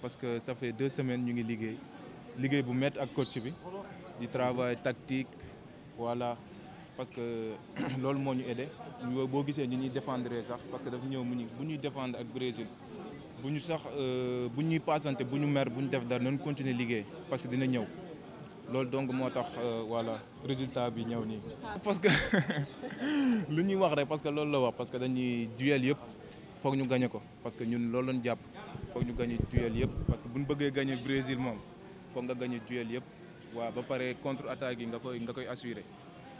parce que ça fait deux semaines que nous en bu ak coach travail tactique voilà parce que Nous aidé défendre parce que nous défendre Brésil si sax euh, mer parce que nous sommes C'est donc euh, voilà résultat bi venu. parce que parce que nous la parce que duel foog ñu gagné ko parce que ñun loolu ñu jàpp foog ñu gagné duel yëpp parce que bu ñu bëggee gagné Brésil moom foog nga gagné duel yëpp waa ba pare contre attaque yi nga koy nga koy assuré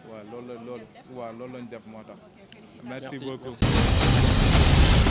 waaw loolu la loolu waaw loolu lañ def moo tax merci beaucoup